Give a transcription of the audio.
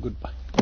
Goodbye.